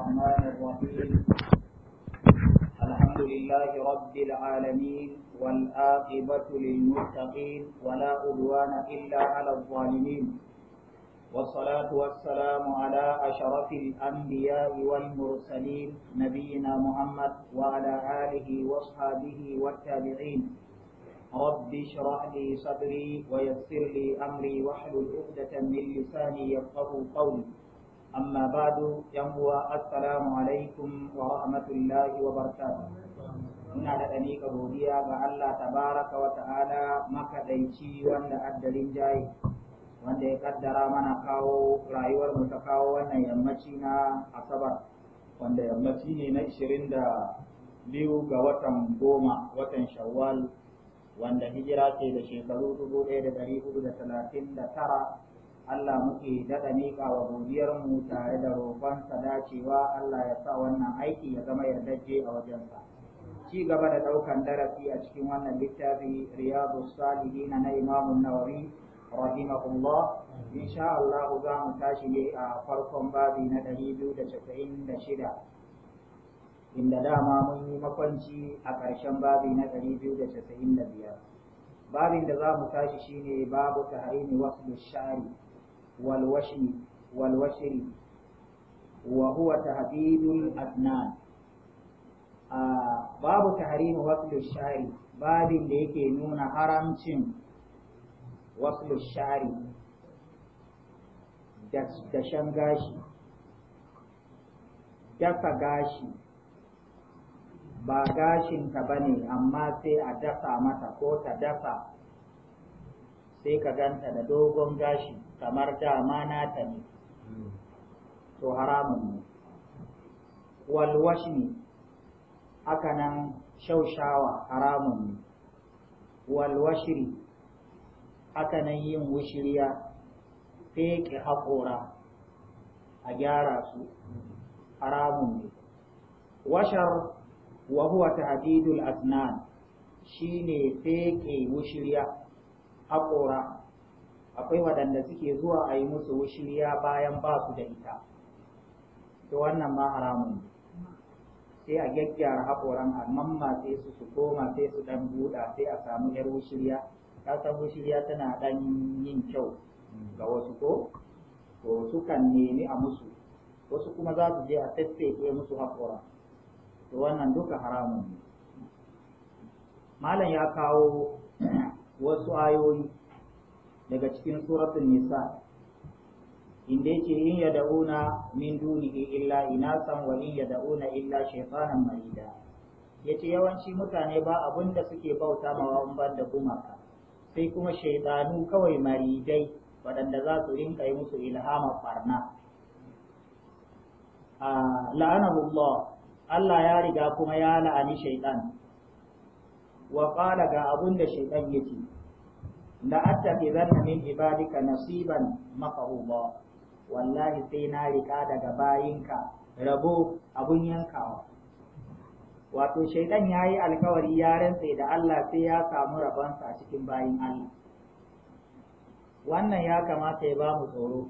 الرحمن الرحيم الحمد لله رب العالمين والآقبة للمتقين ولا عدوان إلا على الظالمين والصلاة والسلام على أشرف الأنبياء والمرسلين نبينا محمد وعلى آله وصحابه والتابعين رب اشرح لي صدري ويسر لي أمري واحلل عقدة من لساني يفقه قولي أما بعد ينبوى السلام عليكم ورحمة الله وبركاته muna da ɗani godiya ga Allah tabaraka wa ta'ala makaɗaici wanda addalin jayi wanda ya ƙaddara mana kawo rayuwar mu ta kawo wannan yammaci na asabar wanda yammaci ne na ishirin da biyu ga watan goma watan shawwal wanda hijira ce da shekaru dubu ɗaya da ɗari hudu da talatin da tara Allah muke daɗa miƙa wa godiyarmu tare da roƙonsa dacewa Allah ya sa wannan aiki ya zama yardajje a wajensa. Ci gaba da ɗaukan darasi a cikin wannan littafi Riyadu Salihina na Imamun Nawawi rahimahullah insha Allah za mu tashi ne a farkon babi na shida, inda dama mun yi makwanci a ƙarshen babi na biyar. babin da za mu tashi shine babu tahrimi wasu shari والوشي والوشر وهو تهديد الأسنان باب تحريم وصل الشعر باب ليك نون حرام وصل الشعر دشن gashi dasa gashi ba gashinta ba ne amma sai a dasa mata ko ta dasa sai ka ganta da dogon gashi kamar dama nata ne to haramun ne walwashi haka nan shaushawa haramun ne walwashiri haka nan yin wushiriya feƙe haƙora a gyara su haramun ne washar wa huwa tahdidul asnan shine feƙe wushiriya haƙora akwai waɗanda suke zuwa a yi musu wushiriya bayan ba su da ita to wannan ma haramun sai a gyaggyara haƙoran amman ma sai su su koma sai su ɗan buɗa sai a samu yar wushiriya ka san wushiriya tana ɗan yin kyau ga wasu ko to sukan nemi a musu wasu kuma za su je a tattaike musu haƙora to wannan duka haramun ne malam ya kawo wasu ayoyi daga cikin suratul nisa inda yake in ya da'una min dunihi illa inasan wa in na illa shaytanan marida yace yawanci mutane ba abun da suke bauta ma ban da gumaka sai kuma shaytanu kawai maridai waɗanda za su rinka yi musu ilhama farna ah, la'anahu Allah Allah ya riga kuma ya la'ani shaytan wa qala ga abun da shaytan yake la attakhizanna min ibadika nasiban mafruba wallahi sai na rika daga bayinka rabo abun yankawa wato shaidan ya yi alkawari ya rantse da Allah sai ya samu rabonsa a cikin bayin Allah wannan ya kamata ya ba mu tsoro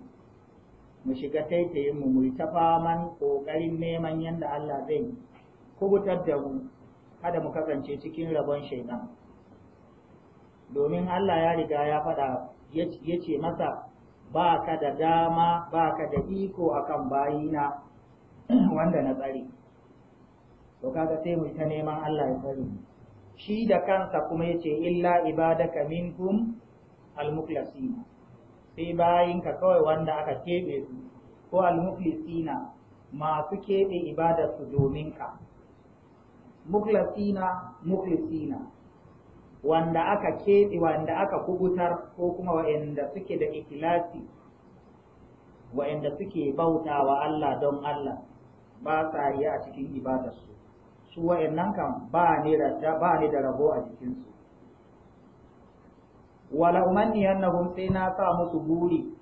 mu shiga taitayin mu mu ta faman ƙoƙarin neman yadda Allah zai kubutar da mu kada mu kasance cikin rabon shaitan domin Allah ya riga ya faɗa ya ce masa ba ka da dama ba ka da iko akan bayina wanda na tsare. to kaga sai mu ta neman Allah ya tsare shi da kansa kuma ya ce illa ibadaka minkum almuklasina sai bayinka kawai wanda aka keɓe su ko almuklisina masu keɓe ibadarsu domin ka muklasina muklisina wanda aka keɓe wanda aka kubutar ko kuma wa'anda suke da ikilasi wa'anda suke bauta wa Allah don Allah ba sa yi a cikin ibadarsu su wa'annan kan ba ne da ba ne da rabo a cikin su wala annahum sai na sa musu buri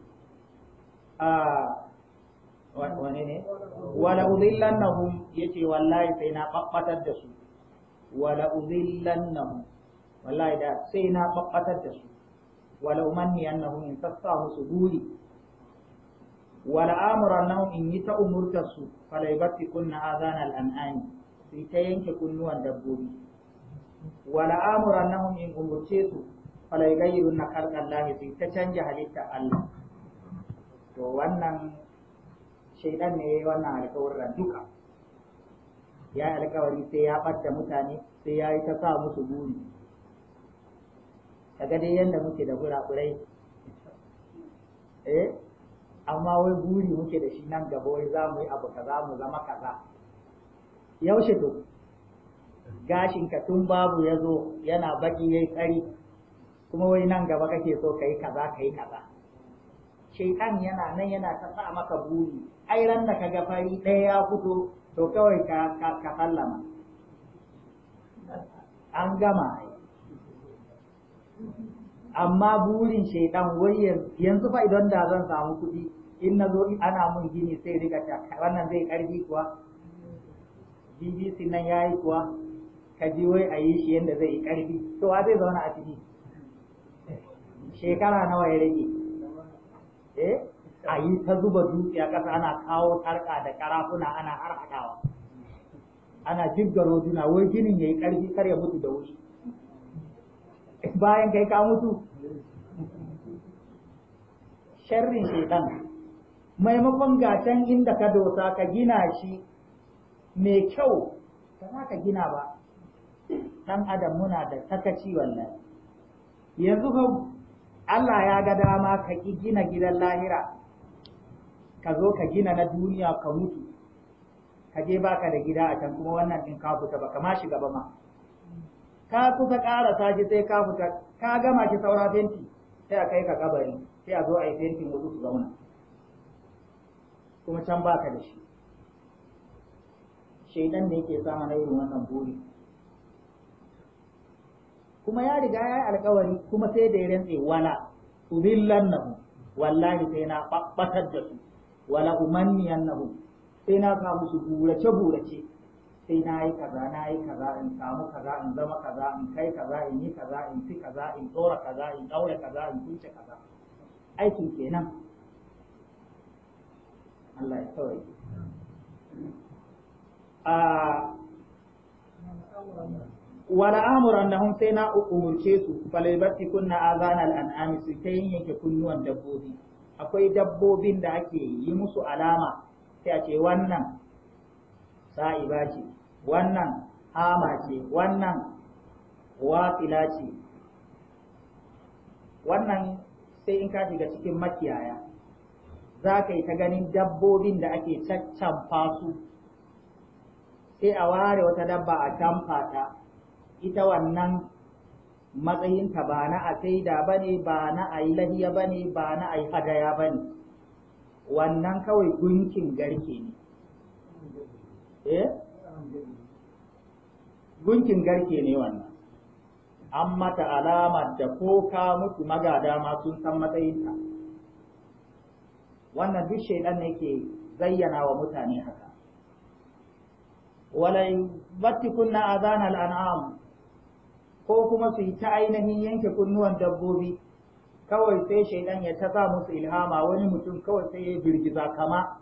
a wane ne wala udillannahum yace wallahi sai na babbatar da su wala udillannahum wallahi da sai na babbatar da su wala na umanniyannahum in tassa musu buri wala amuran amurannahum in yi ta umurtar su falaibati kunna azana al'an'ani sai ta yanke kunnuwan dabbobi wala amuran na amurannahum in umurce su falaigayirun na kalkan lahi sai ta canja halitta Allah to wannan shaidan ne yayi wannan alƙawarin duka ya alƙawari sai ya ɓadda mutane sai ya yi ta sa musu buri kaga dai yadda muke da kurakurai eh amma wai buri muke da shi nan gaba wai za mu yi abu kaza mu zama kaza yaushe to gashin ka tun babu ya zo yana baki yayi tsari kuma wai nan gaba kake so kai kaza kai kaza shaitan yana nan yana ta sa maka buri ai ran da kaga fari ɗaya ya fito to kawai ka ka sallama an gama amma burin shaitan wai yanzu fa idan da zan samu kuɗi in na zo ana mun gini sai riga ta wannan zai karfi kuwa BBC nan yayi kuwa ka ji wai a yi shi yadda zai yi to a zai zauna a ciki shekara nawa ya rage Eh? a yi ta zuba dukiya ƙasa ana kawo tarka da karafuna ana harhadawa. ana jibga roduna wai ginin ya yi ƙarfi kar ya mutu da wuri bayan kai ka mutu sharrin shaitan maimakon gatan inda ka dosa ka gina shi mai kyau ba za ka gina ba ɗan adam muna da takaci wallahi yanzu Allah ya ga dama ka gina gidan lahira ka zo ka gina na duniya ka mutu ka je baka da gida a can kuma wannan in ka fita ba kama shiga ba ma ka kusa ta shi sai ka fita ka gama shi saura fenti sai a kai ka kabari sai a zo a yi fenti wasu su zauna kuma can baka da shi shaidan ne yake sa mana irin wannan buri kuma ya riga ya yi alkawari kuma sai da ya rantse wala nahu wallahi sai na babbatar da su wala umanniyannahu sai na samu su burace burace sai na yi kaza na yi kaza in samu kaza in zama kaza in kai kaza in yi kaza in fi kaza in tsora kaza in daure kaza in kunce kaza aikin kenan Allah ya kawai a wala amurannahum sai na umurce su falaibati kunna azana al'an'ami su ta yanke kunnuwan dabbobi akwai dabbobin da ake yi musu alama sai a ce wannan sa'iba ce wannan hama ce wannan wafila ce wannan sai in ka shiga cikin makiyaya za ka yi ta ganin dabbobin da ake caccan Fasu? sai a ware wata dabba a canfa ta ita wannan matsayinta ba na a saida ba ne ba na a yi lahiya ba ne ba na a yi hadaya ba ne wannan kawai gunkin garke ne eh? gunkin garke ne wannan an mata alamar da ko ka mutu magada ma sun san matsayinta wannan duk shaidan ne ke zayyana wa mutane haka walai batti kunna azanal an'am ko kuma su yi ta ainihin yanke kunnuwan dabbobi kawai sai shaidan ya ta musu ilhama wani mutum kawai sai ya birgiza kama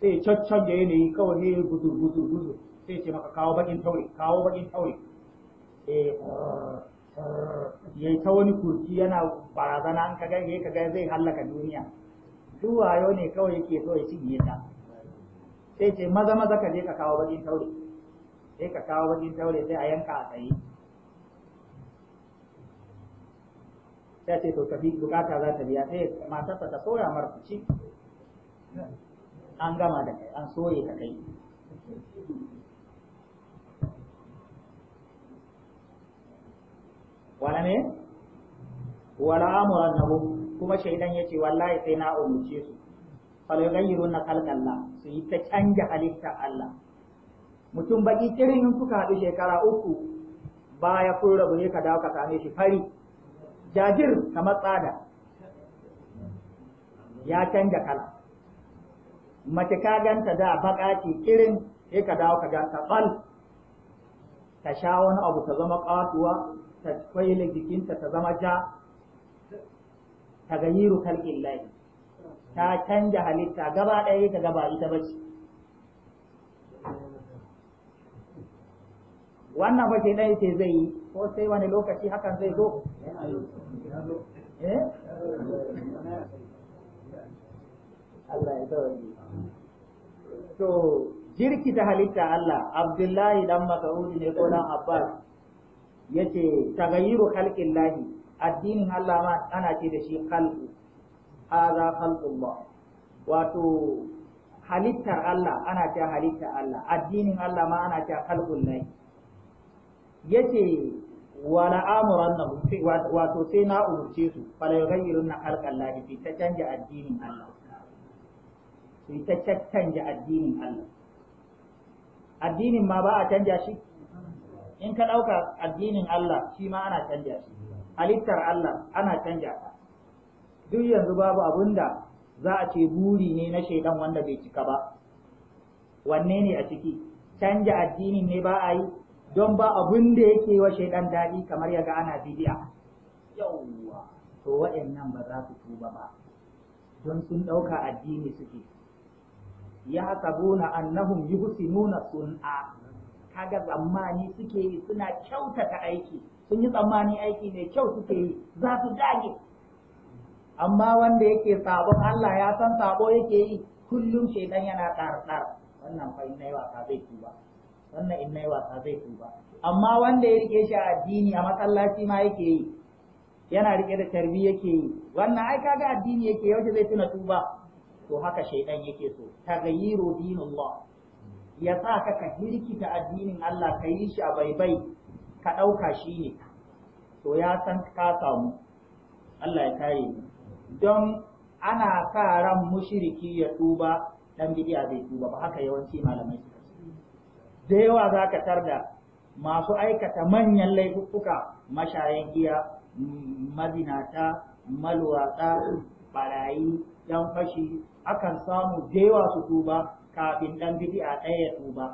sai ya caccan da yanayi kawai sai ya gudu gudu gudu sai ce maka kawo bakin taure kawo bakin taure eh yayi ta wani kurki yana barazana an kaga yayi kaga zai hallaka duniya duwayo wayo ne kawai yake so ya cinye ta sai ce maza maza ka je ka kawo bakin taure sai ka kawo bakin taure sai a yanka a tsaye sai ce to tafi bukata za ta biya sai matarsa ta soya mar ci an gama da kai an soye ka kai wala ne wala hu kuma shaidan ya ce, wallahi sai na umurce su fal yughayyiruna kalkalla su yi ta canja halitta Allah mutum baƙi kirin in kuka haɗu shekara uku baya kun rabu ne ka dawo ka same shi fari jajir kamar tsada ya canja kala mace ka ganta da baka ce irin sai ka dawo ka ganta bal ta sha wani abu ta zama katuwa ta kwaila jikinta ta zama ja ta ga yiru kalkin layi ta canja halitta gaba ɗaya ka gaba ita bace wannan ba shedan yake zai yi ko sai wani lokaci hakan zai zo to jirki ta halitta Allah Abdullahi dan mas'udi ne ko dan Abbas yace tagayyuru lahi addinin Allah ma ana ce da shi khalqu hadha khalqullah wato halittar Allah ana ce halittar Allah addinin Allah ma ana ce lahi yace wala amurannahum wato sai na umurce su fala na khalqallahi fi ta canja addinin Allah fi ta canja addinin Allah addinin ma ba a canja shi in ka ɗauka addinin Allah shi ma ana canja shi halittar Allah ana canja ta duk yanzu babu abun da za a ce buri ne na shaidan wanda bai cika ba wanne ne a ciki canja addinin ne ba a yi don ba abun da yake wa shaidan daɗi kamar yaga ana bidiya yawwa to waɗannan ba za su tuba ba don sun ɗauka addini suke ya sabuna annahum yuhsinuna sun'a kaga tsammani suke yi suna kyautata aiki sun yi tsammani aiki mai kyau suke yi za su dage amma wanda yake sabon Allah ya san sabo yake yi kullum shaidan yana tsar wannan fa'in nayi wasa zai tuba wannan in yi wasa zai tuba amma wanda ya rike shi a addini a masallaci ma yake yi yana rike da tarbi yake yi wannan ai kaga addini yake yau zai tuna tuba to haka shaidan yake so taghayyiru dinullah ya sa ka ka hirkita addinin Allah ka yi shi a baibai ka ɗauka shi ne to ya san ka samu Allah ya kare ni don ana sa ran mushriki ya tuba dan bid'a zai tuba ba haka yawanci malamai da yawa za ka tarda masu aikata manyan laifuka mashayin giya mazinata maluwatsa barayi yan fashi akan samu da yawa su tuba kafin ɗan bid'a ɗaya ya tuba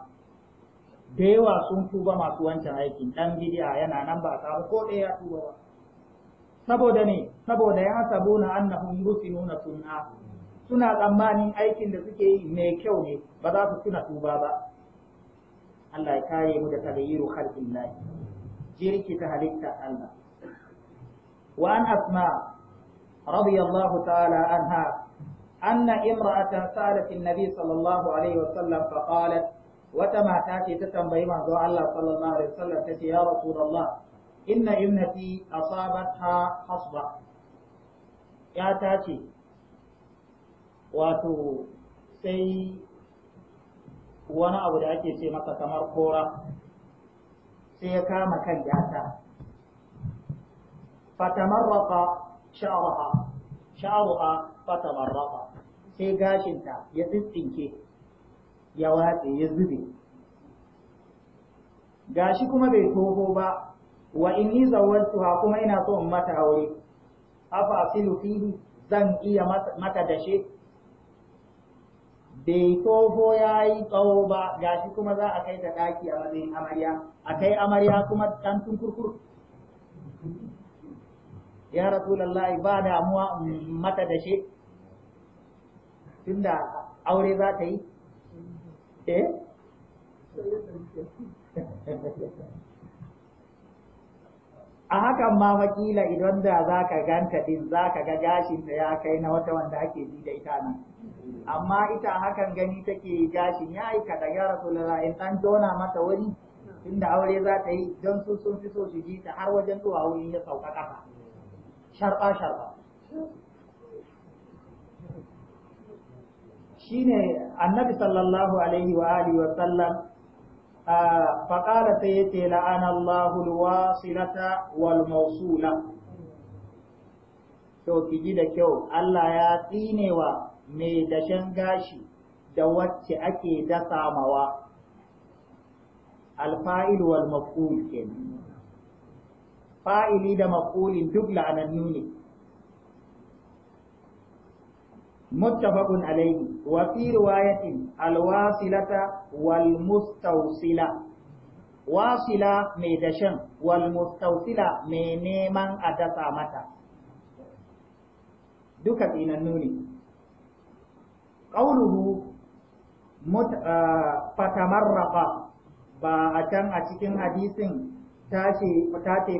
da yawa sun tuba masu wancan aikin ɗan bid'a yana nan ba samu ko ɗaya ya tuba ba saboda ne saboda ya na Annahun, yusinuna nuna suna tsammanin aikin da suke yi mai kyau ne ba za su tuna tuba ba Allah ya kare mu da tagayyuru khalqin lahi jirki ta halitta Allah wa an asma radiyallahu ta'ala anha anna imra'atan sa'alat an sallallahu alaihi wa sallam fa qalat wata mata ce ta tambayi manzo Allah sallallahu alaihi wa sallam tace ya rasulullah inna ibnati asabatha hasba ya ta ce wato sai wani abu da ake ce masa kamar kora sai ya kama kan yata fatamarraka sha'ruha sha'ruha fatamarraka sai gashinta ya tsintsinke ya watse ya zube gashi kuma bai toho ba wa inni zawwaltuha kuma ina so in mata aure afa asilu fihi zan iya mata dashe bai toho ya yi tsawo ba gashi kuma za a kai ta ɗaki a wajen amarya a kai amarya kuma ɗan tunkurkur ya rasulallah ba damuwa mata da shi tunda aure za ta yi eh a hakan ma makila idan da za ka ganta din za ka ga gashin da ya kai na wata wanda ake ji da ita nan amma ita hakan gani take gashin ya yi kaɗa ya rasulullah in an jona mata wani inda aure za ta yi don su sun fi so su ji ta har wajen zuwa wurin ya sauka ƙafa sharba Shi shine annabi sallallahu alaihi wa alihi wa sallam faƙala sai ya ce la'ana Allahul wasilata wal mausula to ki ji da kyau Allah ya tsinewa mai dashen gashi da wacce ake dasa mawa alfa'il wal maf'ul kenan fa'ili da maf'ulin duk la'anannu ne muttafaqun alayhi wa fi riwayatin alwasilata wal mustawsila wasila mai dashen wal mustawsila mai neman a dasa mata duka tsinannu ne ƙauluhu مت ba a can a cikin hadisin ta ce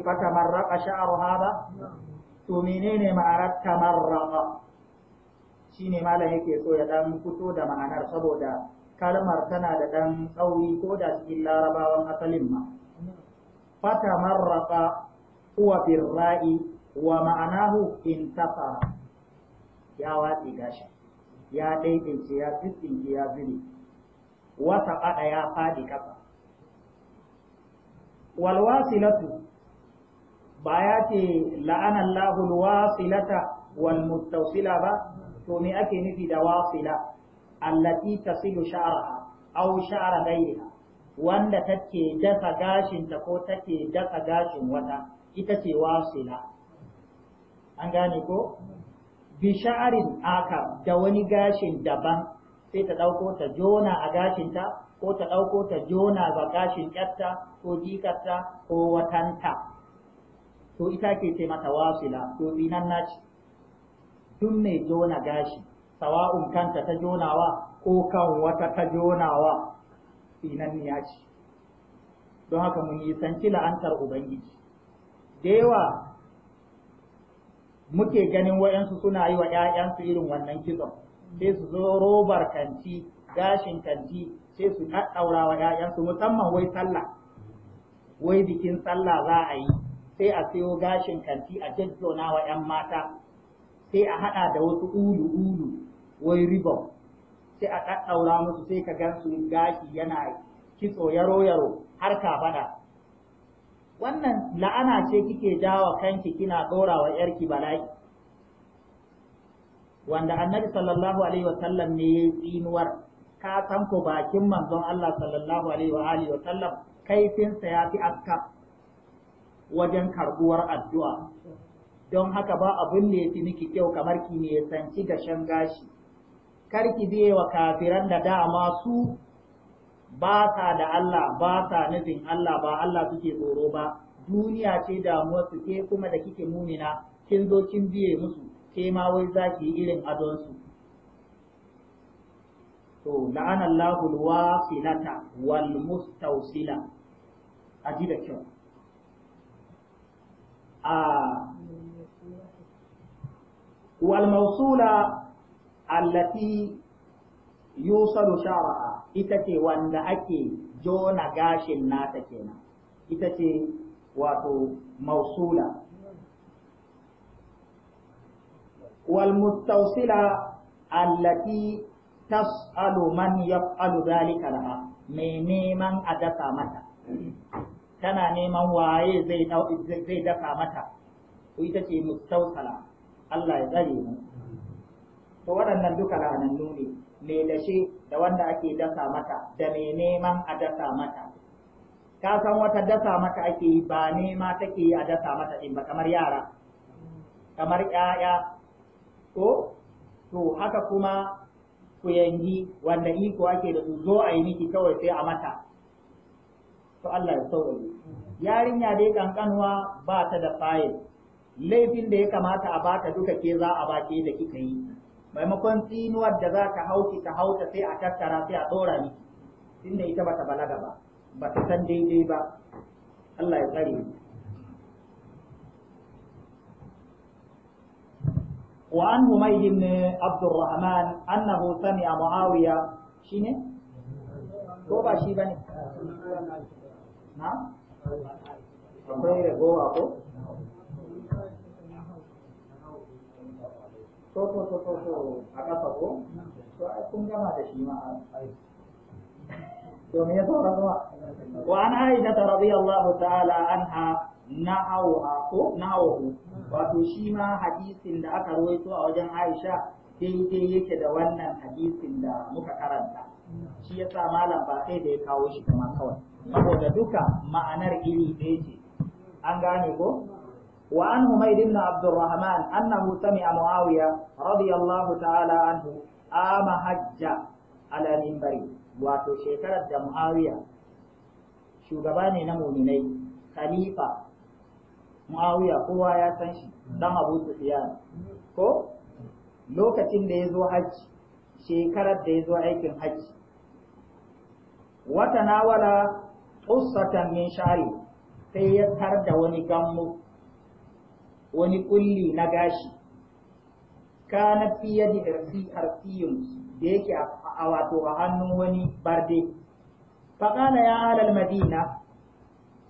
fatamarraka sha'arha ba to menene ma'anar tamarraka shine malam yake so ya dan fito da ma'anar saboda kalmar tana da dan tsauri ko da cikin larabawan asalin ma fatamarraka huwa birra'i wa ma'anahu intafa ya watsi gashi ya daidaice ya tsitsinke ya zire Wata fada ya faɗi ƙasa walwasilatu ba ya ce la'anan lahul wasilata wal muttausila ba to me ake nufi da wasila allati tasilu sha'raha aw sha'ra ghayriha wanda take dasa gashinta ko take dasa gashin wata ita ce wasila an gane ko bi sha'arin aka da wani gashin daban sai ta ɗauko ta jona a gashinta ko ta ɗauko ta jona ga gashin ƙyarta ko jikarta ko watanta to ita ke ce mata wasila to tsinan naci mai jona gashi sawa'un kanta ta jonawa ko kan wata ta jonawa binan ya ce don haka mun yi sanci la'antar ubangiji da yawa muke ganin wayansu suna yi wa 'ya'yansu irin wannan kitson sai su zo robar kanti gashin kanti sai su ɗaɗɗaura wa ƴaƴansu musamman wai sallah wai bikin sallah za a yi sai a sayo gashin kanti a jajjona wa ƴan mata sai a haɗa da wasu ulu ulu wai ribon sai a ɗaɗɗaura musu sai ka gan su gashi yana kitso yaro yaro har ka faɗa wannan la'ana ce kike jawa kanki kina dora wa yarki bala'i wanda annabi sallallahu alaihi wa sallam ne ya tsinuwar ka san ko bakin manzon Allah sallallahu alaihi wa alihi wa sallam kaifinsa ya fi aska wajen karbuwar addu'a don haka ba abin da ya miki kyau kamar ki ne sanci gashan gashi kar ki biye wa kafiran da dama su ba sa da Allah ba sa nufin Allah ba Allah suke tsoro ba duniya ce damuwar su ke kuma da kike mumina kin zo kin biye musu ke ma wai za ki yi irin adonsu. su to la'ana Allahu wasilata wal mustawsila aji da kyau a wal mawsula allati yusalu shara'a ita ce wanda ake jona gashin nata kenan ita ce wato mausula wal mustausila allati tas'alu man yaf'alu dhalika laha me neman a dafa mata tana neman waye zai zai mata to ita ce mustausala Allah ya tsare mu to waɗannan duka la'anannu ne mai da wanda ake dasa mata da mai neman a dasa mata ka san wata dasa mata ake yi ba nema take yi a dasa mata din ba kamar yara kamar 'ya'ya, ko to haka kuma ku yangi wanda iko ake da su zo a yi miki kawai sai a mata to Allah ya sauwaye yarinya dai ƙanƙanwa ba ta da fayil laifin da ya kamata a bata duka ke za a bake da kika yi maimakon tsinuwar da za ta hauki ta hauta sai a tattara sai a tsora miki inda ita bata balaga ba bata san daidai ba Allah ya tsare mu وعن هميه abdurrahman annahu الرحمن muawiya shine ko ba shi bane na akwai جوه أبو to to to to to a ko to ai kun gama da shi ma ya wa an ta radiyallahu ta'ala ko wato shi ma hadisin da aka rawaito a wajen Aisha daidai yake da wannan hadisin da muka karanta shi yasa malam ba sai da ya kawo shi kama kawai saboda duka ma'anar iri ɗaya ce an gane ko وعن حميد بن Abdulrahman الرحمن أنه a معاوية رضي الله تعالى عنه آم wato shekarar da Muawiya shugaba ne na muminai khalifa Muawiya kowa ya san shi dan Abu Sufyan ko lokacin da ya zo hajji shekarar da ya zo aikin hajji wata nawara, qussatan min shari sai ya tar da wani gammu wani kulli na gashi kana fiye da irfi arfiyun da yake a wato a hannun wani barde faqala ya halal madina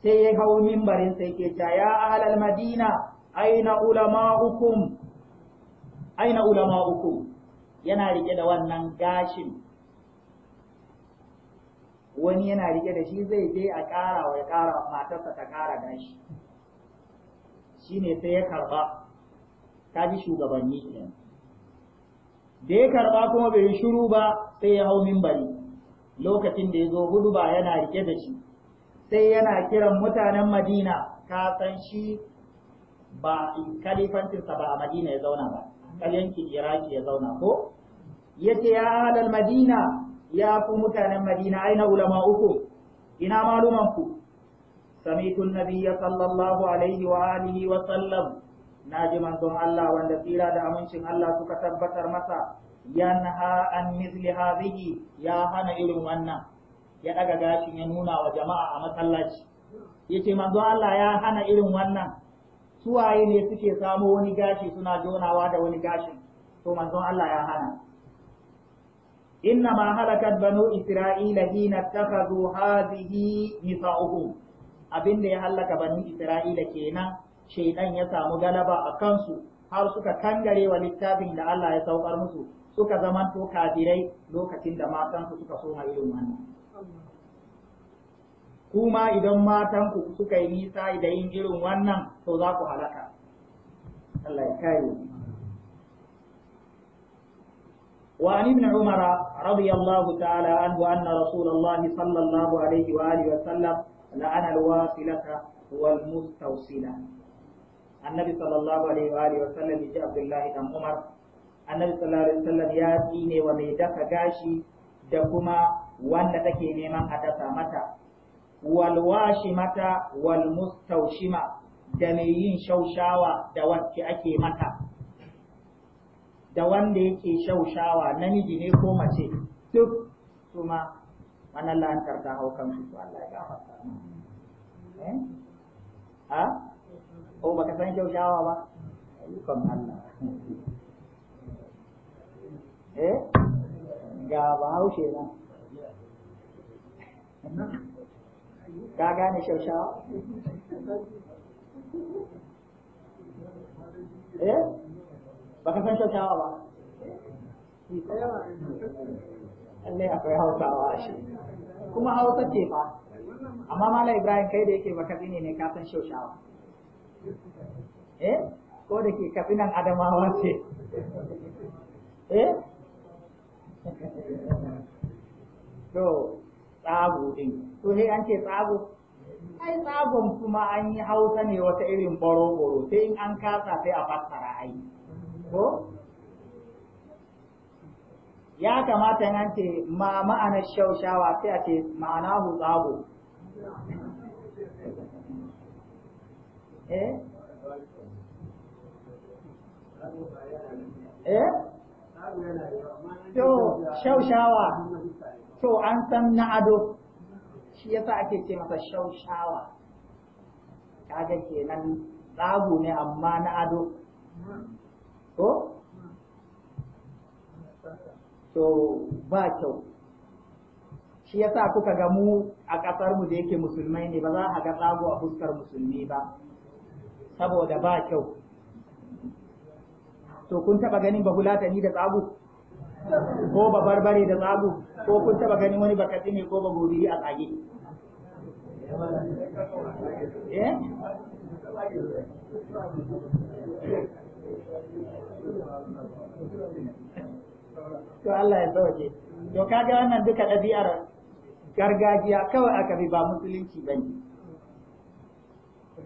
sai ya hau mimbarin sai ke ta ya halal madina aina hukum aina hukum yana rike da wannan gashin wani yana rike da shi zai je a ƙara wa ya ƙara matarsa ta ƙara gashi Shi ne sai ya karba ji shugabanni kenan da ya karba kuma bai yi shiru ba sai ya hau mimbari lokacin da ya zo gudu ba yana rike da shi sai yana kiran mutanen madina ka san shi ba kalifantinsa ba a madina ya zauna ba kalyankin iraki ya zauna ko ya ce ya halal madina ya fi mutanen madina aina ulama uku ina malumanku سمعت النبي صلى الله عليه وآله وسلم ناجي من دون الله وان تيرا دا امنشن الله suka tabbatar masa yanha an misli hadhihi ya hana irin wannan ya daga gashin ya nuna wa jama'a a masallaci yace manzo Allah ya hana irin wannan waye ne suke samo wani gashi suna jonawa da wani gashin to manzo Allah ya hana inna ma halakat banu isra'ila hina takhadhu nisa uku. abin da ya hallaka bani Isra'ila kenan shaidan ya samu galaba a kansu har suka kangare wa littafin da Allah ya saukar musu suka zamanto kafirai lokacin da matansu suka soma irin wannan kuma idan matanku suka yi nisa da yin irin wannan to za ku halaka Allah ya kare وعن ابن عمر رضي الله تعالى عنه أن رسول الله صلى الله عليه وآله وسلم La'anar alwasilata wal mustawsila annabi sallallahu wa alihi wasallam yace abdullahi dan umar annabi sallallahu alaihi ya tsine wa mai daka gashi da kuma wanda take neman a dasa mata wal mata, wal mustawshima da mai yin shaushawa da ake mata da wanda yake shaushawa namiji ne ko mace duk suma. wannan la'antar ta hau kansu su Allah ya gafarta ha baka san ba Allah eh ga nan ka gane eh baka san ba ya akwai hausawa shi kuma hausa ce fa amma mala ibrahim kai da yake baka ne ne ka san shaushawa eh ko da ke katsinan adamawa ce eh to tsago din to sai an ce tsago ai tsagon kuma an yi hausa ne wata irin boro-boro sai in an kasa sai a fassara ai ko ya kamata nan ce ma ma'anar shaushawa sai a ce ma'ana hu tsago eh eh to shaushawa to an san na ado shi yasa ake ce masa shaushawa kaga kenan tsago ne amma na ado ko to ba kyau shi yasa kuka ga mu a ƙasar mu da yake musulmai ne ba za a ga tsago a fuskar musulmi ba saboda ba kyau to kun taba ganin ni da tsago ko ba barbare da tsago ko kun taba ganin wani bakatsi ne ko ba gobiri a tsage you. Eh? to Allah ya sauke to kaga wannan duka ɗabi'ar gargajiya kawai aka bi ba musulunci ba ne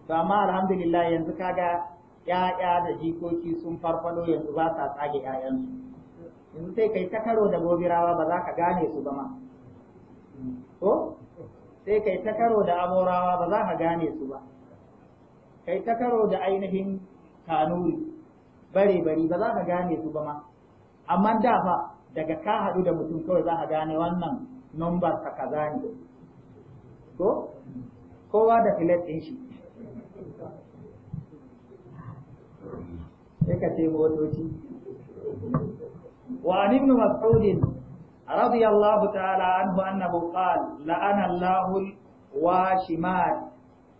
to amma alhamdulillah yanzu kaga ya'ya da jikoki sun farfado yanzu ba sa tsage ƴaƴansu yanzu sai kai ta karo da gobirawa ba za ka gane su ba ma ko sai kai ta karo da amorawa ba za ka gane su ba kai ta karo da ainihin kanuri bare bari ba za ka gane su ba ma amma da fa daga ka haɗu da mutum kawai za a gane wannan number ka kaza ne ko kowa da filet ɗin shi sai ka ce motoci wa an ibn mas'ud radiyallahu ta'ala la'ana Allahu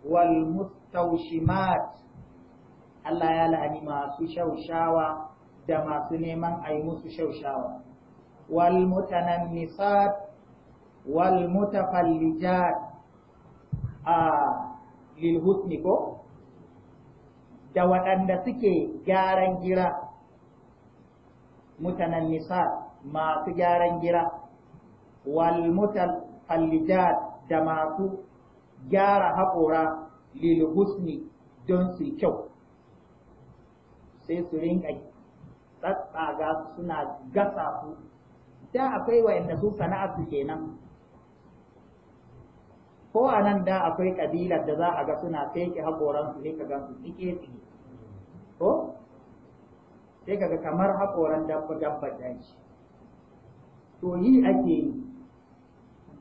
wal mustawshimat Allah ya la'ani masu shaushawa da masu neman a yi musu shaushawa wal mutanannisat wal mutafallijat a lil ko da waɗanda suke gyaran gira mutanen mutanannisat masu gyaran gira wal mutafallijat da masu gyara haƙora lil don su kyau sai su rinka tsatsaga suna gasa su da akwai wa'anda su sana'a su kenan ko a nan da akwai kabilar da za a ga suna feke haƙoransu ne ka gan su tsike tsike ko sai ga kamar haƙoran dabba dabba daji to yi ake yi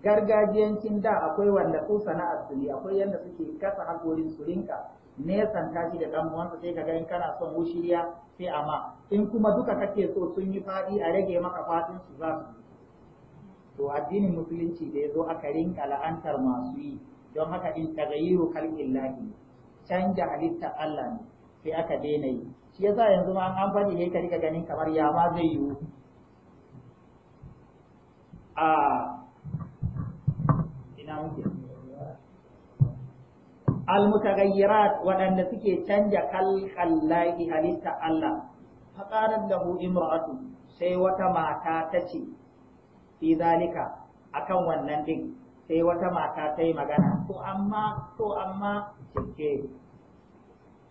gargajiyancin da akwai wanda su sana'ar su ne akwai yanda suke kasa haƙorin su rinka nesan tashi da dan uwansa sai kaga in kana son wushiriya sai amma in kuma duka kake so sun yi fadi a rage maka fatin su za su to addinin musulunci da yazo aka rinka la'antar masu yi don haka in tagayyuru kalillahi canja halitta Allah ne sai aka daina yi shi yasa yanzu ma an fadi ne ka rika ganin kamar ya ma zai yiwu a ah, ina muke almutaghayyirat waɗanda suke canja kalkallahi halitta Allah faƙarar lahu imra'atu sai wata mata ta ce fi zalika akan wannan din sai wata mata ta yi magana to amma to amma cike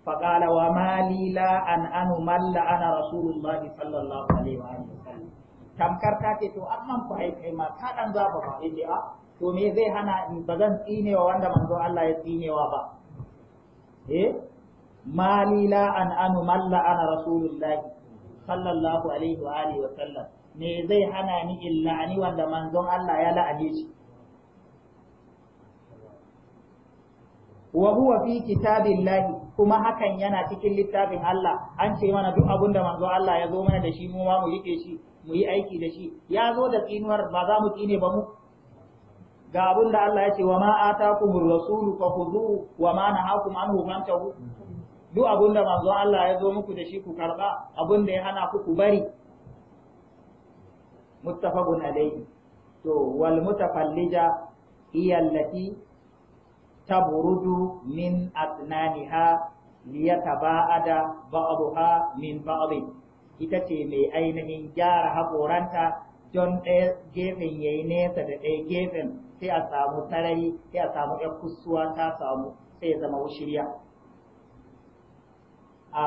faƙala wa mali la an anu malla ana rasulullahi sallallahu alaihi wa sallam tamkar ta ce to amma ku kai ma ta dan zaba ba yace a ah, to me zai hana in ba zan tsinewa wanda manzon Allah ya tsinewa ba eh mali la an anu malla ana rasulullahi sallallahu alaihi wa alihi wa sallam me zai hana ni illa la'ani wanda manzon Allah ya la'ane shi wa huwa fi kitabillahi kuma hakan yana cikin littafin Allah an ce mana duk abin da manzo Allah ya zo mana da shi mu ma mu rike shi mu yi aiki da shi ya zo da tsinuwar ba za mu tsine ba mu ga abin da Allah ya ce wa ma atakumur rasulu fakhuzuhu wa ma nahakum anhu fantahu duk abin da manzo Allah ya zo muku da shi ku karba abin da ya hana ku ku bari muttafaqun alayhi to wal mutafallija hiya allati tabrudu min atnaniha liyataba'ada ba'daha min ba'd ita ce mai ainihin gyara haƙoranta don ɗaya gefen yayi nesa da ɗaya gefen sai a samu sarari sai a samu ‘yar kusuwa ta samu sai ya zama shirya a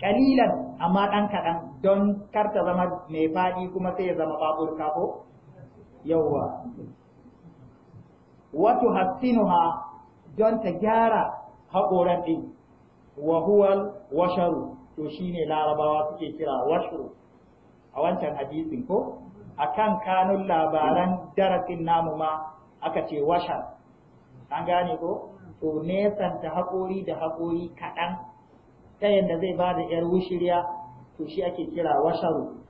ƙalilan amma ɗan kaɗan don kar ta zama mai faɗi kuma sai ya zama babur ko yawwa wato hassinuha don ta gyara haƙoran ɗin washaru to shine larabawa suke kira washaru a wancan hadisin ko akan kanun labaran darasin namu ma aka ce washan an gane ko to nesanta haƙori da haƙori kaɗan ta yadda zai ba da ‘yar wushiriya to shi ake kira washaru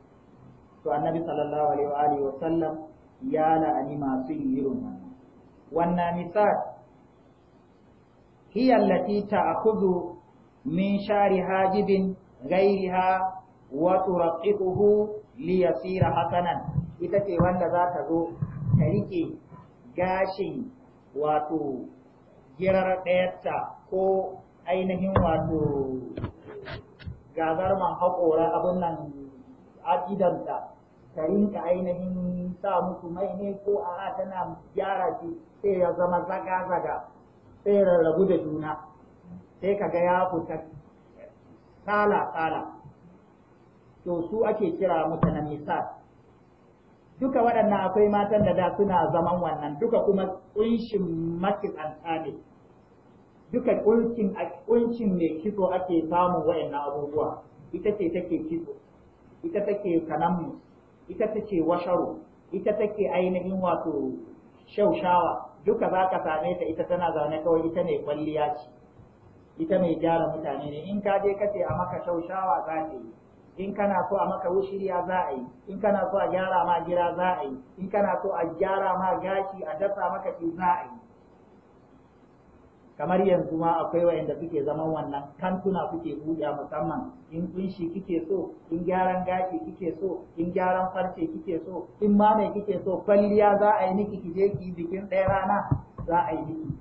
to annabi sallallahu alaihi wa sallam ya la'ani masu yin irin wannan wannan misal hiya allati ta'khudhu min shari hajibin gairiha wa turaqqiquhu liyasira hasanan ita ce wanda za ta zo ta rike gashin wato girar ɗayarta ko ainihin wato gazar man haƙora abin nan aƙidanta ta rinka ainihin sa musu mai ne ko a tana gyara shi sai ya zama zaga-zaga sai rarrabu da juna sai ka ga ya fita tsala-tsala to su ake kira mutanen nisa duka waɗannan akwai matan da da suna zaman wannan duka kuma kunshin matsanta ne duka kuncin mai kitso ake samun waɗannan abubuwa ita ce take kitso ita take kanamu ita take washaru ita take ainihin wato shaushawa duka za ka same ta ita tana zaune kawai ita ne kwalliya ce ita mai gyara mutane ne in ka je kace a maka shaushawa za ta yi in kana so a maka wushiriya za a yi in kana so a gyara ma gira za a yi in kana so a gyara ma gashi a dasa maka shi za a yi kamar yanzu ma akwai wayanda suke zaman wannan kantuna suke buɗe musamman in kunshi kike so in gyaran gashi kike so in gyaran farce kike so in ma mai kike so kwalliya za a yi miki kije ki bikin ɗaya rana za a yi miki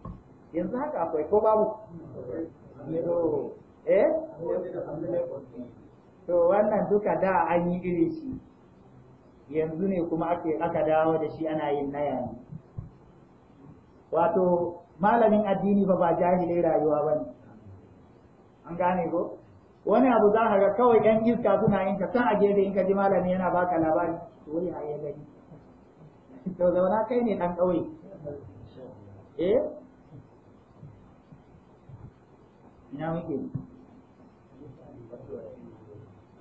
yanzu haka akwai ko babu eh? to wannan duka da an yi iri shi yanzu ne kuma ake aka dawo da shi ana yin na ne wato malamin addini ba ba jahilai rayuwa ba ne an gane ko wani abu za ka ga kawai yan iska suna yin ka san a gefe in ka ji malami yana baka labari to a yi gani to zauna kai ne dan kauye eh ina muke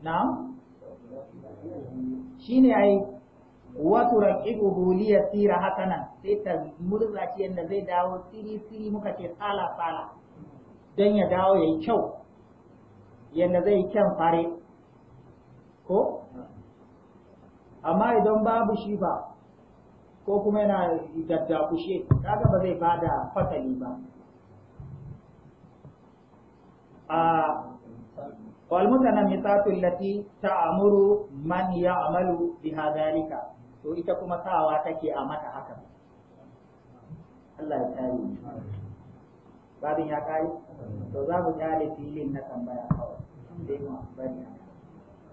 na'am shine ai wa turaqibuhu li yasira hakanan sai ta murza shi yanda zai dawo siri siri muka ce tsala tsala dan ya dawo yayi kyau yanda zai kyan fare ko amma idan babu shi ba ko kuma yana daddakushe kaga ba zai bada fasali ba ah, والمتنمطات التي تأمر من يعمل بها ذلك to ita kuma sawa take a mata haka Allah ya kare ni babin ya kai? to za mu kare filin na tambaya kawai mu bari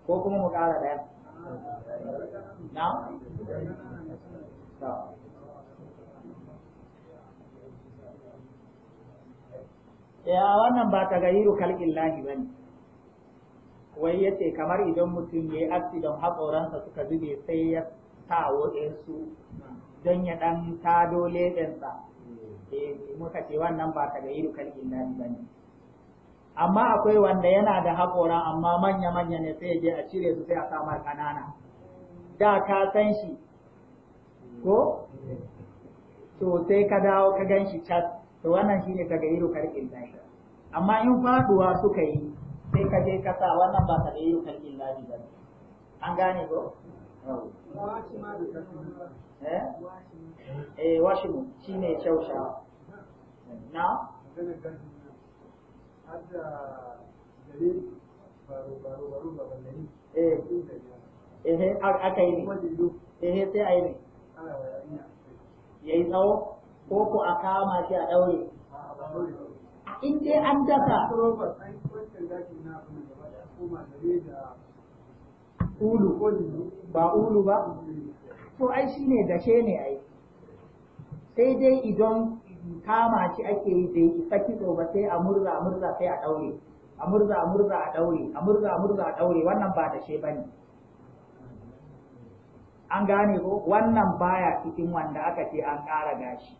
ko kuma mu kara daya na ya wannan ba ta gairu kalkin lahi bane wai ya ce kamar idan mutum ya yi accident haƙoransa suka zube sai ya sa waɗansu don ya ɗan tado leɓensa eh, muka ce wannan ba ta gairu kalbin ba ne amma akwai wanda yana da haƙora amma manya-manya ne sai je a cire su sai a samar ƙanana da ka san shi ko to sai ka dawo ka gan shi cas to wannan shi ne ka ga kalbin amma in faɗuwa suka yi sai ka je kasa wannan ba ta da yi kan illahi ba an gane ko eh, eh mu shi ne kyausha na eh eh aka yi ne eh sai a yi ne yayi tsawo ko ku a kama shi a ɗaure in dai an dasa ulu ba ulu ba to ai shi ne, dashe ne ai sai dai idan kama shi ake yi bai isa kitso ba sai a murza murza sai a daure a murza a murza a daure a murza a murza a daure wannan ba dashe ne. an gane ko wannan baya cikin wanda aka ce an ƙara gashi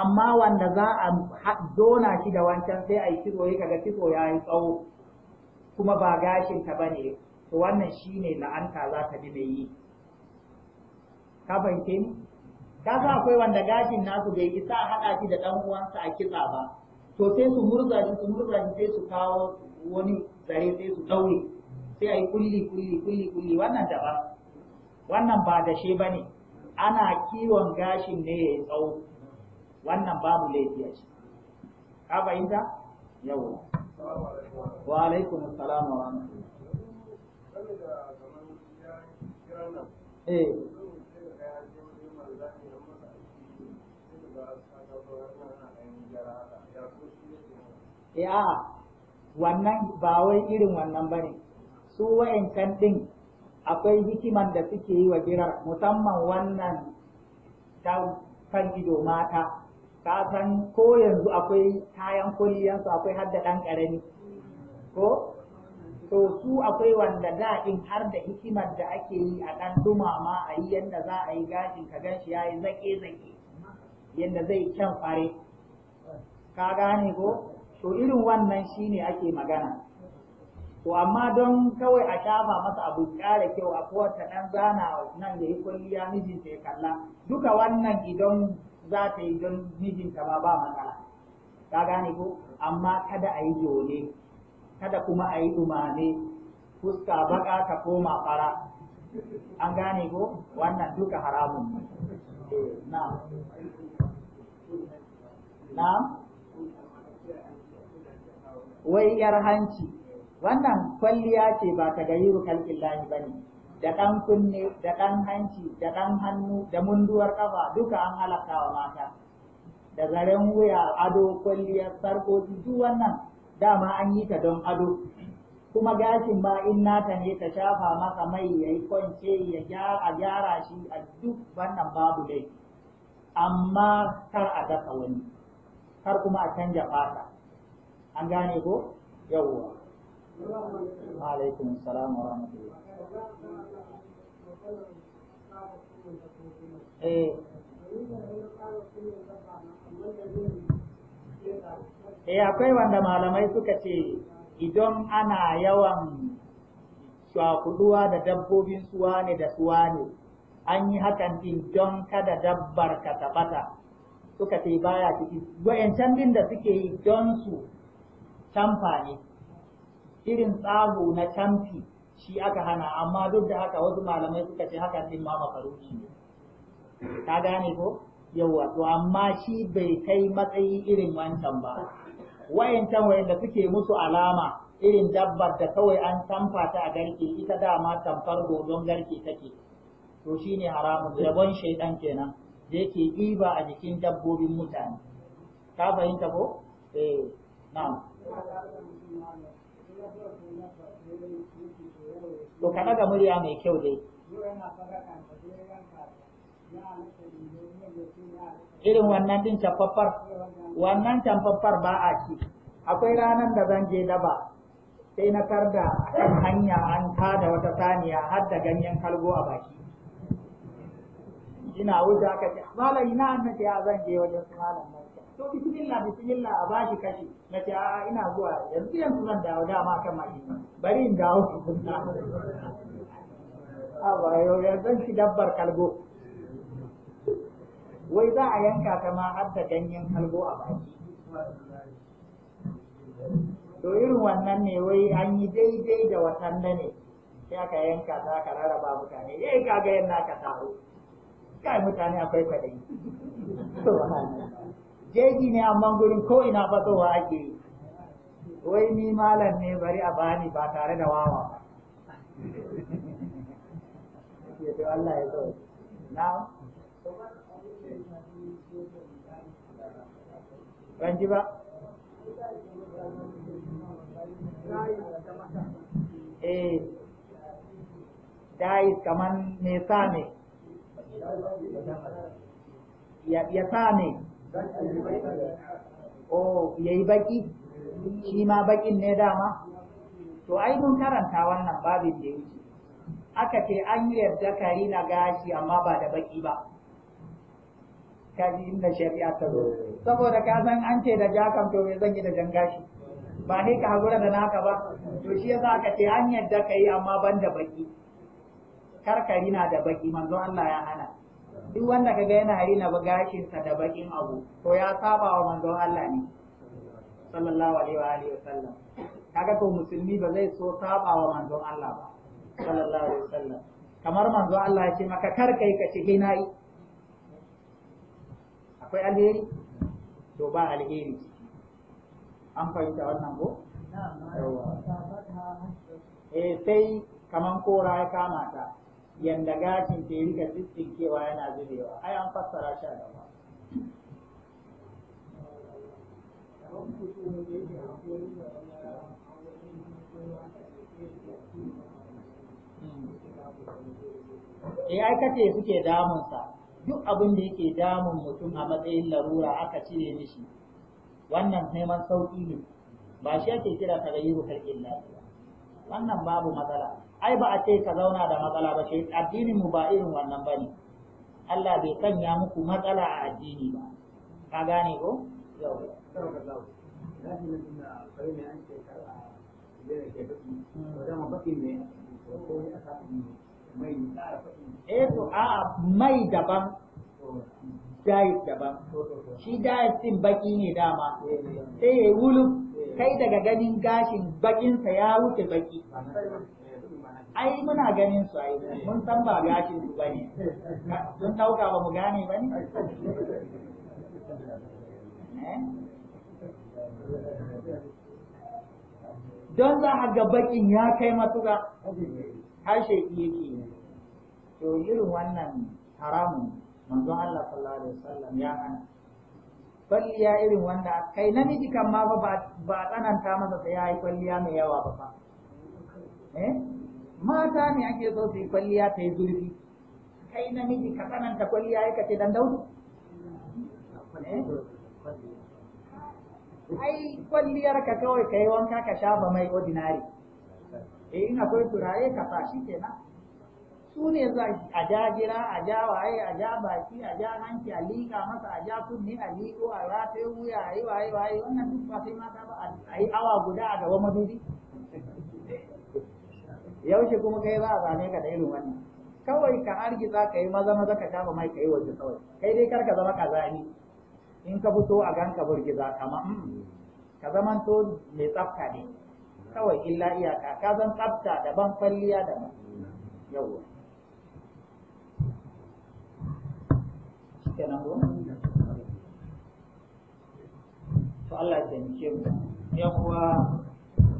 amma wanda za a dona shi da wancan sai a yi kiso ya kaga kiso ya yi tsawo kuma ba gashin ta bane to wannan shine la'anta za ta bi mai yi ka fahimce ni ka san akwai wanda gashin nasu bai isa haɗa shi da ɗan uwansa a kitsa ba to sai su murza shi su murza shi sai su kawo wani zare sai su ɗaure sai a yi kulli kulli kulli kulli wannan daban wannan ba da shi bane ana kiwon gashin ne ya yi tsawo wannan babu laifi a ciki ka fahimta yawa wa alaikum assalam wa rahmatullah eh Eh a wannan ba wai irin wannan bane su wa'ancan din akwai hikiman da suke yi wa girar musamman wannan ta kan ido mata Kasan ko yanzu akwai kayan kulliyansu akwai har da ɗan ƙarami ko to su akwai wanda da in har da hikimar da ake yi a ɗan dumama a yi yadda za a yi gashin ka gan shi ya yi zaƙe-zaƙe yadda zai kyan fare ka gane ko to irin wannan shine ake magana to amma don kawai a shafa masa abu ƙara kyau a kowace ɗan zana nan da yi kulliya mijinta ya kalla duka wannan idan za ta yi don mijinta ma ba matsala ka gane ko amma kada a yi jole kada kuma a yi dumame fuska baka ta koma fara an gane ko wannan duka haramun na na wai yar hanci wannan kwalliya ce ba ta gayiru kalkin lahi ba ne da ɗan kunne da ɗan hanci da ɗan hannu da munduwar ƙafa duka an halaka wa mata da zaren wuya ado kwalliyar farko, duk wannan dama an yi ta don ado kuma gashin ba in nata ne ta shafa maka mai ya yi kwance ya a gyara shi a duk wannan babu dai amma kar a dasa wani kar kuma a canja fata an gane ko yawwa alaikum wa rahmatullahi Eh, eh akwai wanda malamai suka ce idan ana yawan shakuduwa da dabbobin suwa ne da suwa ne an yi hakan din don kada dabbar ka taɓata, suka ce baya ciki wayancan din da suke yi don su camfa ne irin tsago na camfi shi aka hana amma duk da haka wasu malamai suka ce haka din ma makaruci ne ka gane ko yawa to amma shi bai kai matsayi irin wancan ba wayancan wayanda suke musu alama irin dabbar da kawai an tamfa ta a garke ita dama tamfar dodon garke take to shine haramun rabon shaidan kenan da yake ɗiba a jikin dabbobin mutane ka fahimta ko eh na'am to ka ɗaga murya mai kyau dai irin wannan din cafaffar wannan cafaffar ba a ci akwai ranar da zan je daba sai na tarda kan hanya an tada wata saniya har da ganyen kalgo a baki ina wuce aka ce malam ina annace ya zan je wajen malam to bismillah bismillah a bashi kashi na ce a'a ina zuwa yanzu yanzu zan dawo dama kan maki bari in dawo tukunna a ba yau yanzu shi dabbar kalgo wai za a yanka ta ma har da ganyen kalgo a baki to irin wannan ne wai an yi daidai da watan da ne sai aka yanka ta aka rarraba mutane eh kaga yanka aka taro kai mutane akwai kwadayi subhanallah jeji ne amma gurin ko ina fatsowa ake yi wai ni malam ne bari a bani ba tare da wawa ba Allah ya so na ban ji ba eh dai kaman me same ya ya ne. Oh, ya yi baki shi ma bakin ne dama to ai mun karanta wannan babin da yake aka ce an yi yarda kari na gashi amma ba da baki ba kaji inda shari'a ta zo saboda ka san an ce da jakan to zan yi da jan gashi ba ne ka hakura da naka ba to shi yasa aka ce an yarda yi amma ban da baki karkari na da baki manzon Allah ya hana duk wanda ga yana rina ba gashinsa da bakin abu to ya saba wa manzon Allah ne sallallahu alaihi wa alihi wasallam kaga to musulmi ba zai so saba wa manzon Allah ba sallallahu alaihi wasallam kamar manzon Allah ya ce maka kar kai ka ci yi? akwai alheri to ba alheri an fahimta wannan ko eh sai kaman kora ya kama ta yanda gashin ke rika tsitsinkewa yana zubewa ai an fassara shi a gaba Eh ai kace suke damunsa duk abin da yake damun mutum a matsayin larura aka cire mishi wannan neman sauki ne ba shi ake kira tagayyuru kal illa wannan babu matsala ai ba a ce ka zauna da matsala ba ce, addinin mu ba irin wannan ba ne. Allah bai sanya muku matsala a addini ba ka gane ko yau eh, to a mai daban diet daban shi diet din baki ne dama sai ya wulu kai daga ganin gashin bakinsa ya wuce baki ai muna ganin su ai mun san ba gashin su bane sun dauka ba mu gane bane eh? don za a ga bakin ya kai matuƙa harshe yake to irin wannan haramun manzo Allah sallallahu alaihi wasallam ya hana kwalliya irin wanda kai namiji kan ma ba ba tsananta masa sai yayi kwalliya mai yawa ba fa eh mata ne ake so su yi kwalliya ta yi zurfi kai namiji ka tsananta kwalliya ya kace dan daudu eh? ai kwalliyar ka kawai kai wanka ka shafa mai ordinary eh ina akwai turaye ka fashi kenan su ne za a ja jira a ja waye a ja baki a ja hanci a liƙa masa a ja kunni a liƙo a rafe wuya a yi waye waye wannan duk ba sai mata ba a yi awa guda a gaban madubi yaushe kuma kai za a zane ka da irin wannan kawai ka argiza ka yi maza maza ka shafa mai ka yi waje kawai kai dai kar ka zama kazani in ka fito a gan ka burgiza kama ka to mai tsafta ne kawai illa iyaka ka zan tsafta daban kwalliya daban yawwa kenan ko yan uwa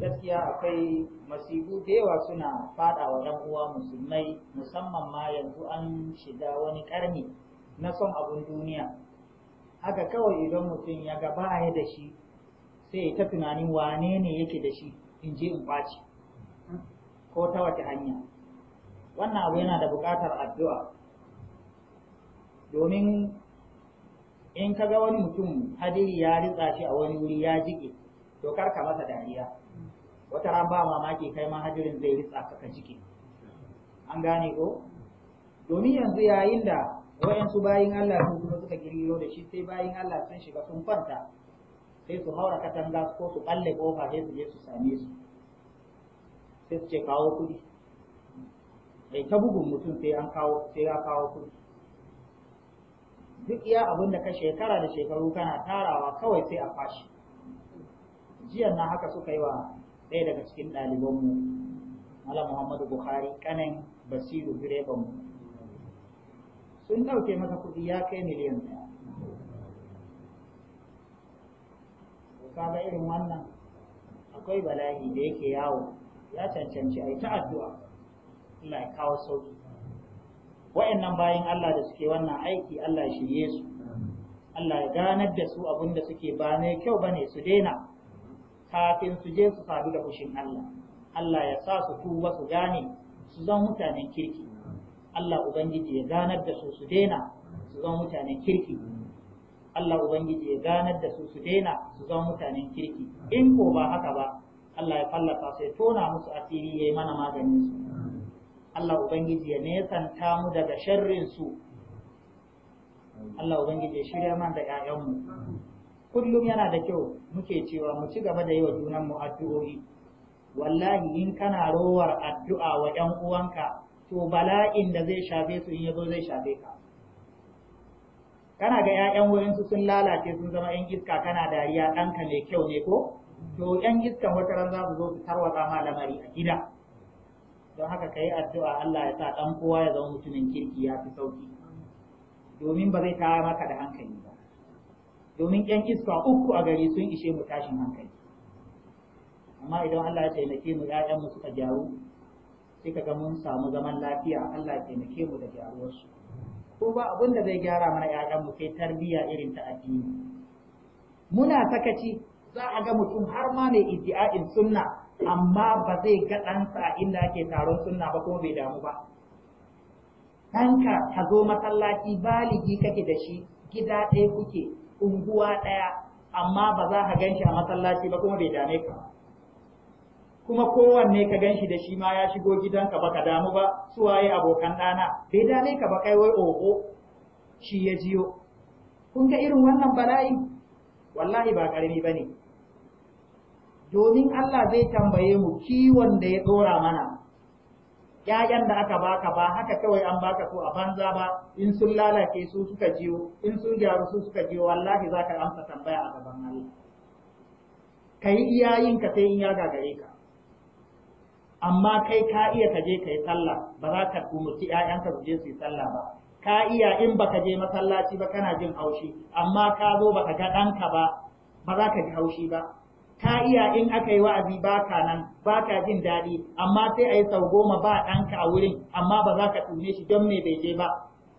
gaskiya akwai masibu da yawa suna fada yan uwa musulmai musamman ma yanzu an shiga wani karni na son abun duniya haka kawai idan mutum ya gaba baya da shi sai ya ta tunani wane ne yake da shi in je in kwace ko ta wace hanya wannan abu yana da buƙatar addu'a domin in ka ga wani mutum hadiri ya ritsa shi a wani wuri ya jike to kar ka masa dariya wata ran ba mamaki kai ma hadirin zai ritsa ka ka jike an gane ko domin yanzu yayin da wayansu bayin Allah sun kuma suka girgiro da shi sai bayin Allah sun shiga sun kwanta sai su haura katanga ko su balle kofa sai su je su same su sai su ce kawo kudi mai ta bugun mutum sai an kawo sai ya kawo kudi duk iya abin da ka shekara da shekaru kana tarawa kawai sai a fashi jiya na haka suka yi wa ɗaya daga cikin ɗalibanmu Malam Muhammadu Bukhari kanin Basiru direbanmu sun ɗauke masa kuɗi ya kai miliyan ɗaya kaga irin wannan akwai bala'i da yake yawo ya cancanci a yi ta addu'a Allah ya kawo sauki wa'annan bayin Allah da suke wannan aiki Allah ya shirye su Allah ya ganar da su abin da suke ba mai kyau bane su daina kafin su je su sadu da fushin Allah Allah ya sa su tuba su gane su zan mutanen kirki Allah ubangiji ya ganar da su su daina su zan mutanen kirki Allah ubangiji ya ganar da su su daina su zan mutanen kirki in ko ba haka ba Allah ya fallaka sai tona musu asiri yayi mana maganin Allah Ubangiji ya nesanta mu daga sharrin su Allah Ubangiji ya shirya mana da ‘ya'yanmu kullum yana da kyau muke cewa mu ci gaba da yi wa junanmu addu'o'i wallahi in kana rowar addu'a wa ‘yan uwanka to bala'in da zai shafe su in yazo zai shafe ka kana ga 'ya'yan wurinsu sun lalace sun zama 'yan iska kana dariya ɗanka mai kyau ne ko to 'yan iskan wata ran za su zo su tarwatsa malamari a gida don haka ka yi addu'a Allah ya sa ɗan kowa ya zama mutumin kirki ya fi sauki domin ba zai kawo maka da hankali ba domin ƴan iska uku a gari sun ishe mu tashin hankali amma idan Allah ya taimake mu 'ya'yanmu mu suka gyaru sai ka ga mun samu zaman lafiya Allah ya taimake mu da gyaruwarsu ko ba abin da zai gyara mana yayan mu sai tarbiyya irin ta addini muna sakaci za a ga mutum har ma mai iddi'a'in sunna amma ba zai ga ɗansa a inda ake taron sunna ba kuma bai damu ba ɗanka ka zo masallaci baligi kake da shi gida ɗaya kuke unguwa ɗaya amma ba za ka ganshi a masallaci ba kuma bai dame ka kuma kowanne ka ganshi da shi ma ya shigo gidanka ka damu ba su waye abokan ɗana bai dame ka ba kai wai oho shi ya jiyo kun ga irin wannan bala'i wallahi ba ƙarami ba ne domin Allah zai tambaye mu kiwon da ya dora mana ‘ya'yan da aka baka ba haka kawai an baka so a banza ba in sun lalace su suka jiyo in sun gyaru su suka jiyo wallahi za ka amsa tambaya a gaban Allah ka yi iyayenka sai in ya gagare ka amma kai ka iya ka je ka yi sallah ba za ka umarci ‘ya'yanka su je su yi sallah ba ka iya in ba ka je masallaci ba kana jin haushi amma ka zo ba ka ga ɗanka ba ba za ka ji haushi ba ka iya in aka yi wa'azi ba ka nan ba ka jin daɗi amma sai a yi sau goma ba ɗanka a wurin amma ba za ka tune shi don me bai je ba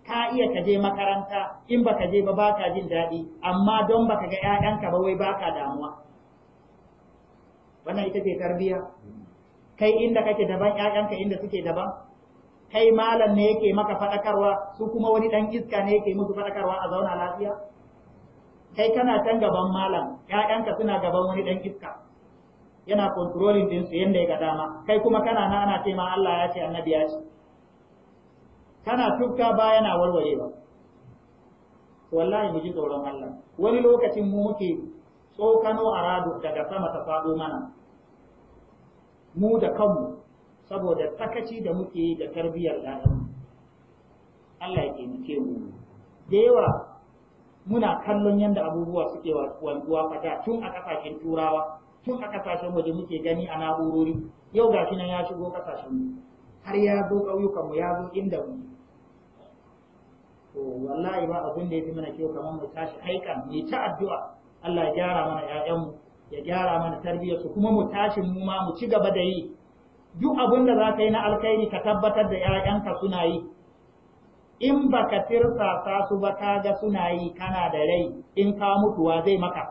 ka iya ka je makaranta in ba ka je ba ba ka jin daɗi amma don ba ka ga ‘ya'yanka ba wai ba ka damuwa wannan ita ce tarbiyya kai inda kake daban ‘ya'yanka inda suke daban kai malam ne yake maka faɗakarwa su kuma wani ɗan iska ne yake musu faɗakarwa a zauna lafiya kai kana can gaban malam ƴaƴanka suna gaban wani dan iska yana controlling din su yanda ya ga dama kai kuma kana nan ana ce ma Allah ya ce annabi ya ce kana tufka ba yana warwarewa wallahi mu ji tsoron Allah wani lokacin mu muke tsokano a rado daga sama ta faɗo mana mu da kanmu saboda takaci da muke da tarbiyyar ɗayan Allah ya taimake mu da yawa muna kallon yadda abubuwa suke wanzuwa fata tun a kasashen turawa tun a kasashen waje muke gani a na'urori yau gashi nan ya shigo kasashen mu har ya zo ƙauyukan mu ya zo inda mu to wallahi ba abin da ya fi mana kyau kamar mu tashi aika mai ta addu'a Allah ya gyara mana mu ya gyara mana tarbiyyar su kuma mu tashi mu ma mu ci gaba da yi duk abin da za ka yi na alkhairi ka tabbatar da ƴaƴanka suna yi in baka tirsasa su ba ga suna yi kana da rai in ka mutuwa zai maka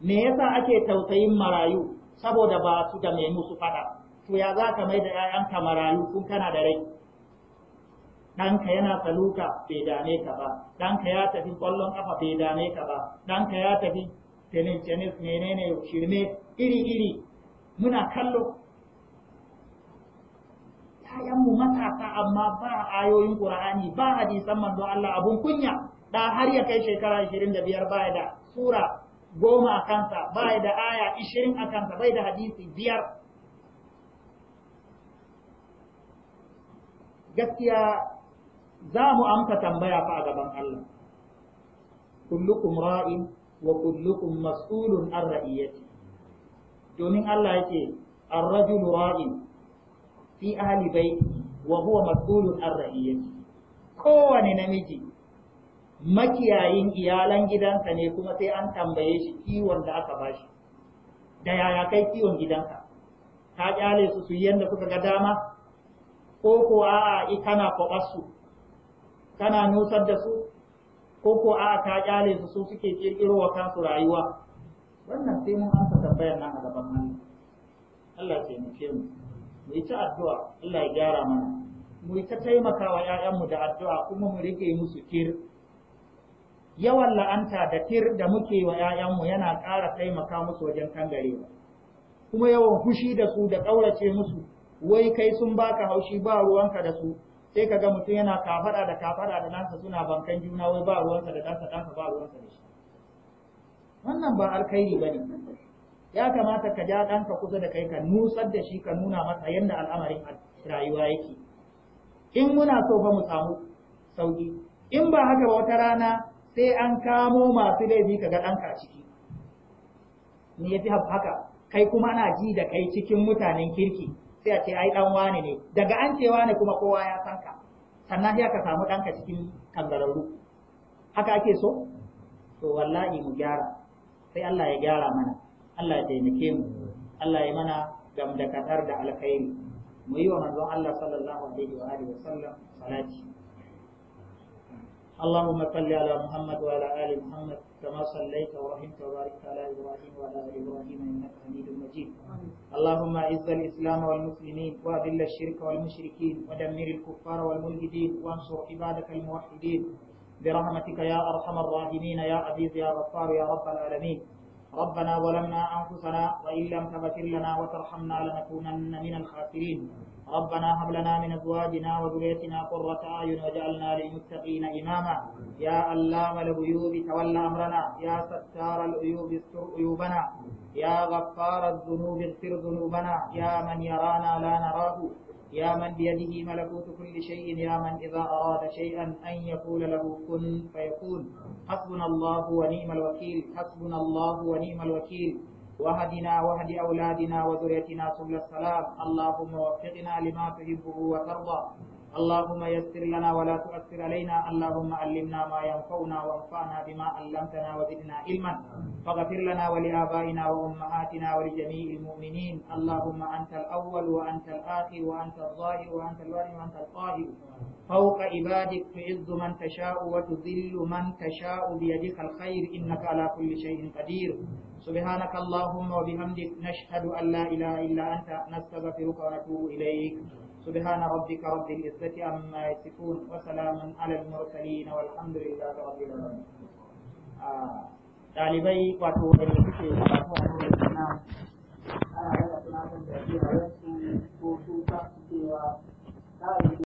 me yasa ake tausayin marayu saboda ba su da mai musu fada to ya za ka mai da 'ya'yanka marayu kun kana da rai ɗanka yana saluka bai dame ka ba ɗanka ya tafi ƙwallon ƙafa bai dame ka ba ɗanka ya tafi tenis tenis menene shirme iri iri muna kallo mu matasa amma ba ayoyin Ƙur'ani ba hadisan manzo Allah abun kunya da har ya kai shekara 25 ya da sura goma a kansa ya da aya 20 a kansa bai da hadisi biyar gaskiya za mu amsa tambaya fa a gaban Allah kullukum ra'in wa kullukum mas'ulun ar ra'iyati domin Allah yake ar-rajulu ra'in fi ahli baiti wa huwa mas'ulun an kowane namiji makiyayin iyalan gidanka ne kuma sai an tambaye shi kiwon da aka bashi da yaya kai kiwon gidanka ka kyale su su yanda suka ga dama ko ko a'a i kana kwabarsu kana nusar da su ko ko a'a ka kyale su su suke kirkiro wa kansu rayuwa wannan sai mun amsa tambayar nan a gaban Allah Allah ya taimake mu mu yi ta addu'a Allah ya gyara mana mu yi ta wa 'ya'yanmu da addu'a kuma mu rike musu tir yawan la'anta da tir da muke wa 'ya'yanmu yana ƙara taimaka musu wajen kangarewa kuma yawan fushi da su da ƙaurace musu wai kai sun baka haushi ba ruwanka da su sai ka ga mutum yana kafada da kafada da nasa suna bankan juna wai ba ruwansa da dansa ba ruwansa da shi wannan ba alkhairi bane ya kamata ka ja ɗanka kusa da kai ka nusar da shi ka nuna masa yadda al'amarin rayuwa yake in muna so fa mu samu sauki in ba haka ba wata rana sai an kamo masu laifi ka ga ɗanka ciki me yafi haka kai kuma ana ji da kai cikin mutanen kirki sai a ce ai ɗan wane ne daga an ce wane kuma kowa ya san ka sannan sai ka samu ɗanka cikin kangararru haka ake so to wallahi mu gyara sai Allah ya gyara mana Allah ya taimake mu Allah ya mana gamdakatar da alkhairi mu yi wa manzon Allah sallallahu alaihi wa alihi wasallam salati اللهم صل على محمد وعلى ال محمد كما صليت ورحمت وباركت على ابراهيم وعلى ال ابراهيم انك حميد مجيد اللهم اعز الاسلام والمسلمين واذل الشرك والمشركين ودمر الكفار والملحدين وانصر عبادك الموحدين برحمتك يا ارحم الراحمين يا عزيز يا غفار يا رب العالمين ربنا ظلمنا أنفسنا وإن لم تغفر لنا وترحمنا لنكونن من الخاسرين ربنا هب لنا من أزواجنا وذريتنا قرة أعين وجعلنا للمتقين إماما يا علام الغيوب تولى أمرنا يا ستار العيوب استر عيوبنا يا غفار الذنوب اغفر ذنوبنا يا من يرانا لا نراه يا من بيده ملكوت كل شيء يا من إذا أراد شيئا أن يقول له كن فيكون حسبنا الله ونعم الوكيل حسبنا الله ونعم الوكيل وهدنا وهد أولادنا وذريتنا سبل السلام اللهم وفقنا لما تحبه وترضى اللهم يسر لنا ولا تؤثر علينا اللهم علمنا ما ينفعنا وانفعنا بما علمتنا وزدنا علما فاغفر لنا ولآبائنا وأمهاتنا ولجميع المؤمنين اللهم أنت الأول وأنت الآخر وأنت الظاهر وأنت الوالي وأنت القاهر فوق عبادك تعز من تشاء وتذل من تشاء بيدك الخير إنك على كل شيء قدير سبحانك اللهم وبحمدك نشهد أن لا إله إلا أنت نستغفرك ونتوب إليك سبحان ربك رب العزة أما يصفون وسلام على المرسلين والحمد لله رب العالمين. ɗalibai wato da